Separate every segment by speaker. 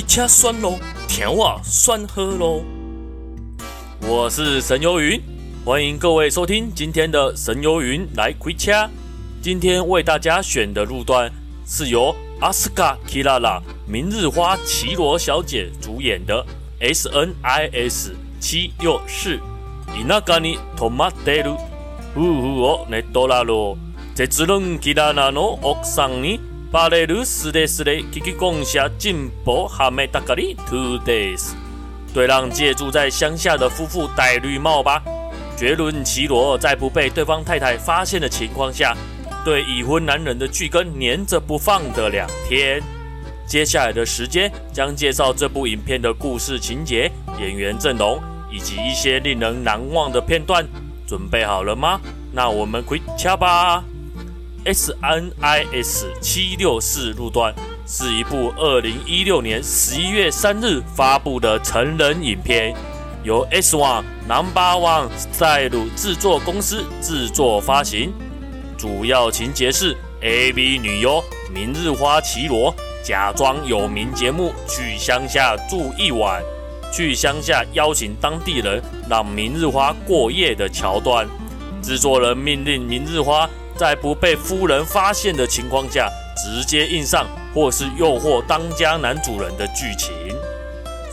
Speaker 1: 開車算了，甜啊算喝嘍。我是神悠雲，歡迎各位收聽今天的神悠雲來開車。今天為大家選的路段是由阿斯卡·基拉拉、明日花綺羅小姐主演的《S N I S 七六四》。把勒汝死勒死勒，吉吉共享進步哈美達咖哩 two days，對讓借住在鄉下的夫婦戴綠帽吧，絕倫奇羅在不被對方太太發現的情況下，對已婚男人的巨根粘着不放的兩天。接下來的時間將介紹這部影片的故事情節、演員陣容以及一些令人難忘的片段，準備好了嗎？那我們回敲吧。S, S. N I S 七六四路段是一部二零一六年十一月三日發佈的成人影片，由 S ONE Number ONE 塞魯製作公司製作發行。主要情節是 AV 女優明日花綺羅假裝有名節目去鄉下住一晚，去鄉下邀請當地人讓明日花過夜的橋段。製作人命令明日花。在不被夫人發現的情況下，直接硬上或是誘惑當家男主人的劇情。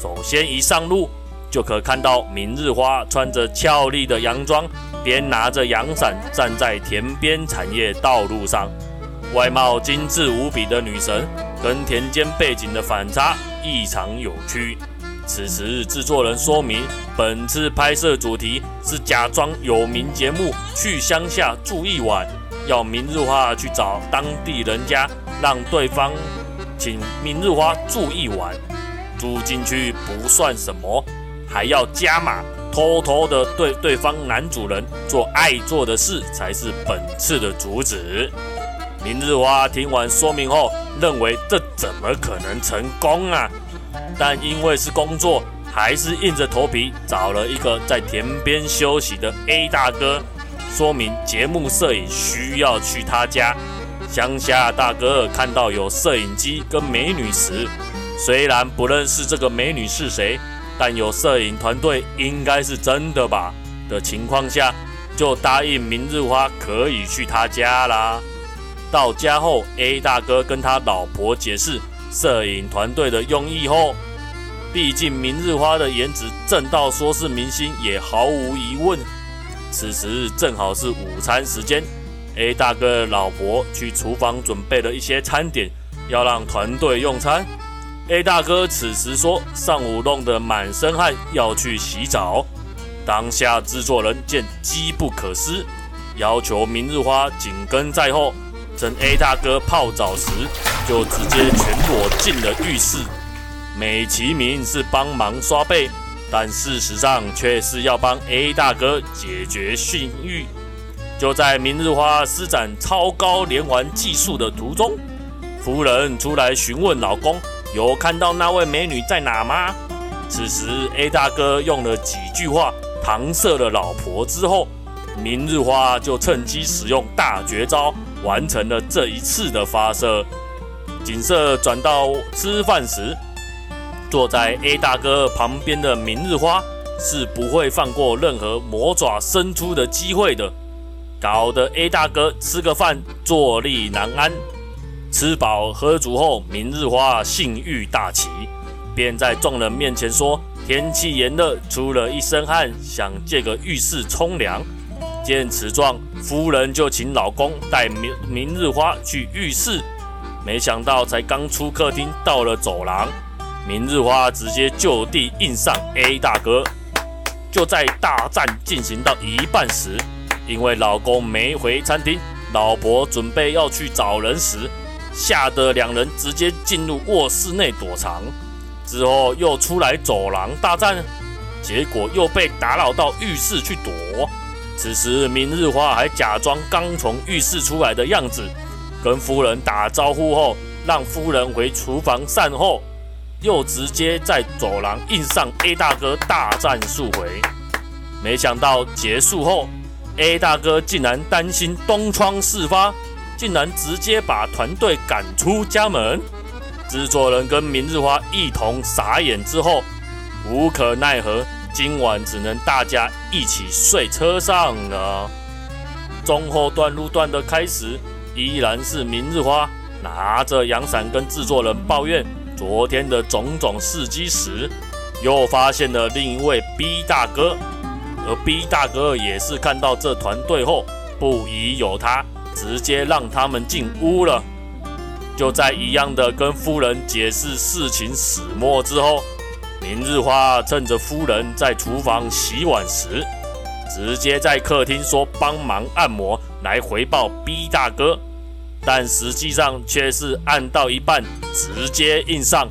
Speaker 1: 首先一上路就可看到明日花穿着俏麗的洋裝，邊拿着陽傘站在田邊產業道路上，外貌精緻無比的女神跟田間背景的反差異常有趣。此時制作人說明，本次拍攝主題是假裝有名節目，去鄉下住一晚。要明日花去找當地人家，讓對方請明日花住一晚，住進去不算什麼，還要加碼，偷偷的對對方男主人做愛做的事才是本次的主旨。明日花聽完說明後，認為這怎麼可能成功啊？但因為是工作，還是硬着頭皮找了一個在田邊休息的 A 大哥。說明節目攝影需要去他家。鄉下大哥看到有攝影機跟美女時，雖然不認識這個美女是誰，但有攝影團隊應該是真的吧？的情況下，就答應明日花可以去他家啦。到家後，A 大哥跟他老婆解釋攝影團隊的用意後，畢竟明日花的顏值正到說是明星也毫無疑問。此時正好是午餐時間，A 大哥的老婆去廚房準備了一些餐點，要讓團隊用餐。A 大哥此時說上午弄得滿身汗，要去洗澡。當下制作人見機不可失，要求明日花緊跟在後，趁 A 大哥泡澡時就直接全裸進了浴室。美其名是幫忙刷背。但事實上卻是要幫 A 大哥解決性欲。就在明日花施展超高連環技術的途中，夫人出來詢問老公有看到那位美女在哪嗎？此時 A 大哥用了幾句話搪塞了老婆之後，明日花就趁機使用大絕招，完成了這一次的發射。景色轉到吃飯時。坐在 A 大哥旁邊的明日花是不會放過任何魔爪伸出的機會的，搞得 A 大哥吃個飯坐立難安。吃飽喝足後，明日花性欲大起，便在衆人面前說：“天氣炎熱，出了一身汗，想借個浴室沖涼。”見此狀，夫人就請老公帶明明日花去浴室，沒想到才剛出客廳，到了走廊。明日花直接就地硬上 A 大哥。就在大戰進行到一半時，因為老公沒回餐廳，老婆準備要去找人時，嚇得兩人直接進入臥室內躲藏。之後又出來走廊大戰，結果又被打擾到浴室去躲。此時明日花還假裝剛從浴室出來的樣子，跟夫人打招呼後，讓夫人回廚房善後。又直接在走廊硬上 A 大哥，大戰數回，沒想到結束後，A 大哥竟然擔心東窗事發，竟然直接把團隊趕出家門。制作人跟明日花一同傻眼之後，無可奈何，今晚只能大家一起睡車上了。中後段路段的開始，依然是明日花拿着陽傘跟制作人抱怨，昨天的種種事蹟時，又發現了另一位 B 大哥，而 B 大哥也是看到這團隊後，不疑有他，直接讓他們進屋了。就在一樣的跟夫人解釋事情始末之後，明日花趁着夫人在廚房洗碗時，直接在客廳說幫忙按摩來回報 B 大哥。但實際上卻是按到一半直接印上。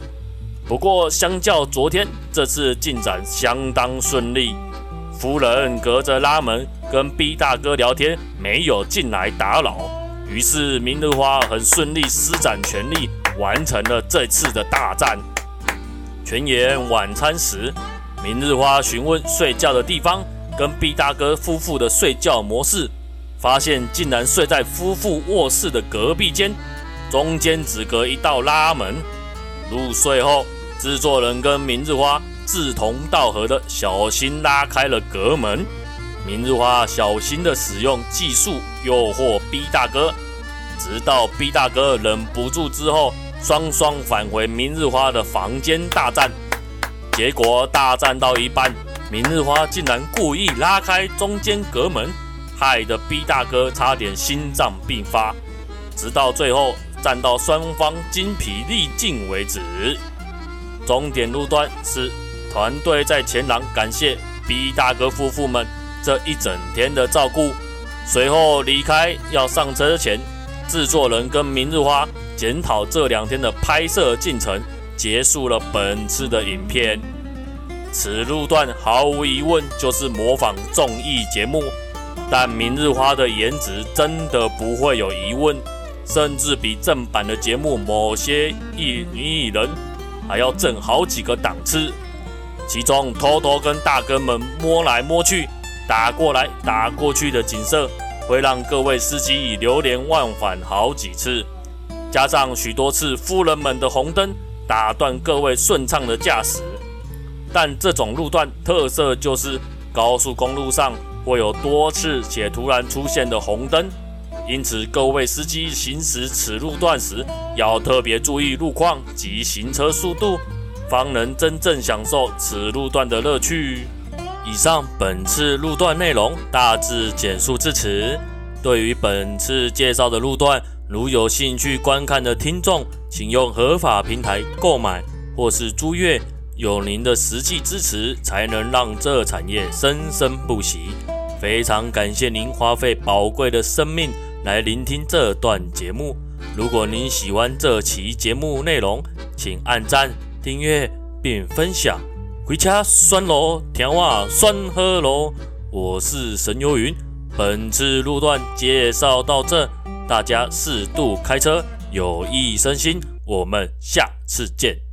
Speaker 1: 不過相較昨天，這次進展相當順利。夫人隔着拉門跟 B 大哥聊天，沒有進來打擾，於是明日花很順利施展全力，完成了這次的大戰。全員晚餐時，明日花詢問睡覺的地方，跟 B 大哥夫婦的睡覺模式。發現竟然睡在夫婦臥室的隔壁間，中間只隔一道拉門。入睡後，制作人跟明日花志同道合的小心拉開了隔門。明日花小心的使用技術誘惑 B 大哥，直到 B 大哥忍不住之後，雙雙返回明日花的房間大戰。結果大戰到一半，明日花竟然故意拉開中間隔門。害得 B 大哥差點心臟病發，直到最後站到雙方精疲力盡為止。終點路段是團隊在前廊感謝 B 大哥夫婦們這一整天的照顧，隨後離開要上車前，製作人跟明日花檢討這兩天的拍攝進程，結束了本次的影片。此路段毫無疑問就是模仿綜藝節目。但明日花的顏值真的不會有疑問，甚至比正版的節目某些女藝人還要正好幾個檔次。其中偷偷跟大哥們摸來摸去、打過來打過去的景色，會讓各位司機以流連忘返好幾次。加上許多次夫人們的紅燈，打斷各位順暢的駕駛。但這種路段特色就是高速公路上，會有多次且突然出現的紅燈，因此各位司機行駛此路段時要特別注意路況及行車速度，方能真正享受此路段的樂趣。以上本次路段內容大致簡述至此。對於本次介紹的路段，如有興趣觀看的聽眾，請用合法平台購買或是租閱。有您的實際支持，才能讓這產業生生不息。非常感謝您花費寶貴的生命來聆聽這段節目。如果您喜歡這期節目內容，請按讚、訂閱並分享。回家酸路，甜話酸喝路。我是神游雲，本次路段介紹到這，大家適度開車，有益身心。我們下次見。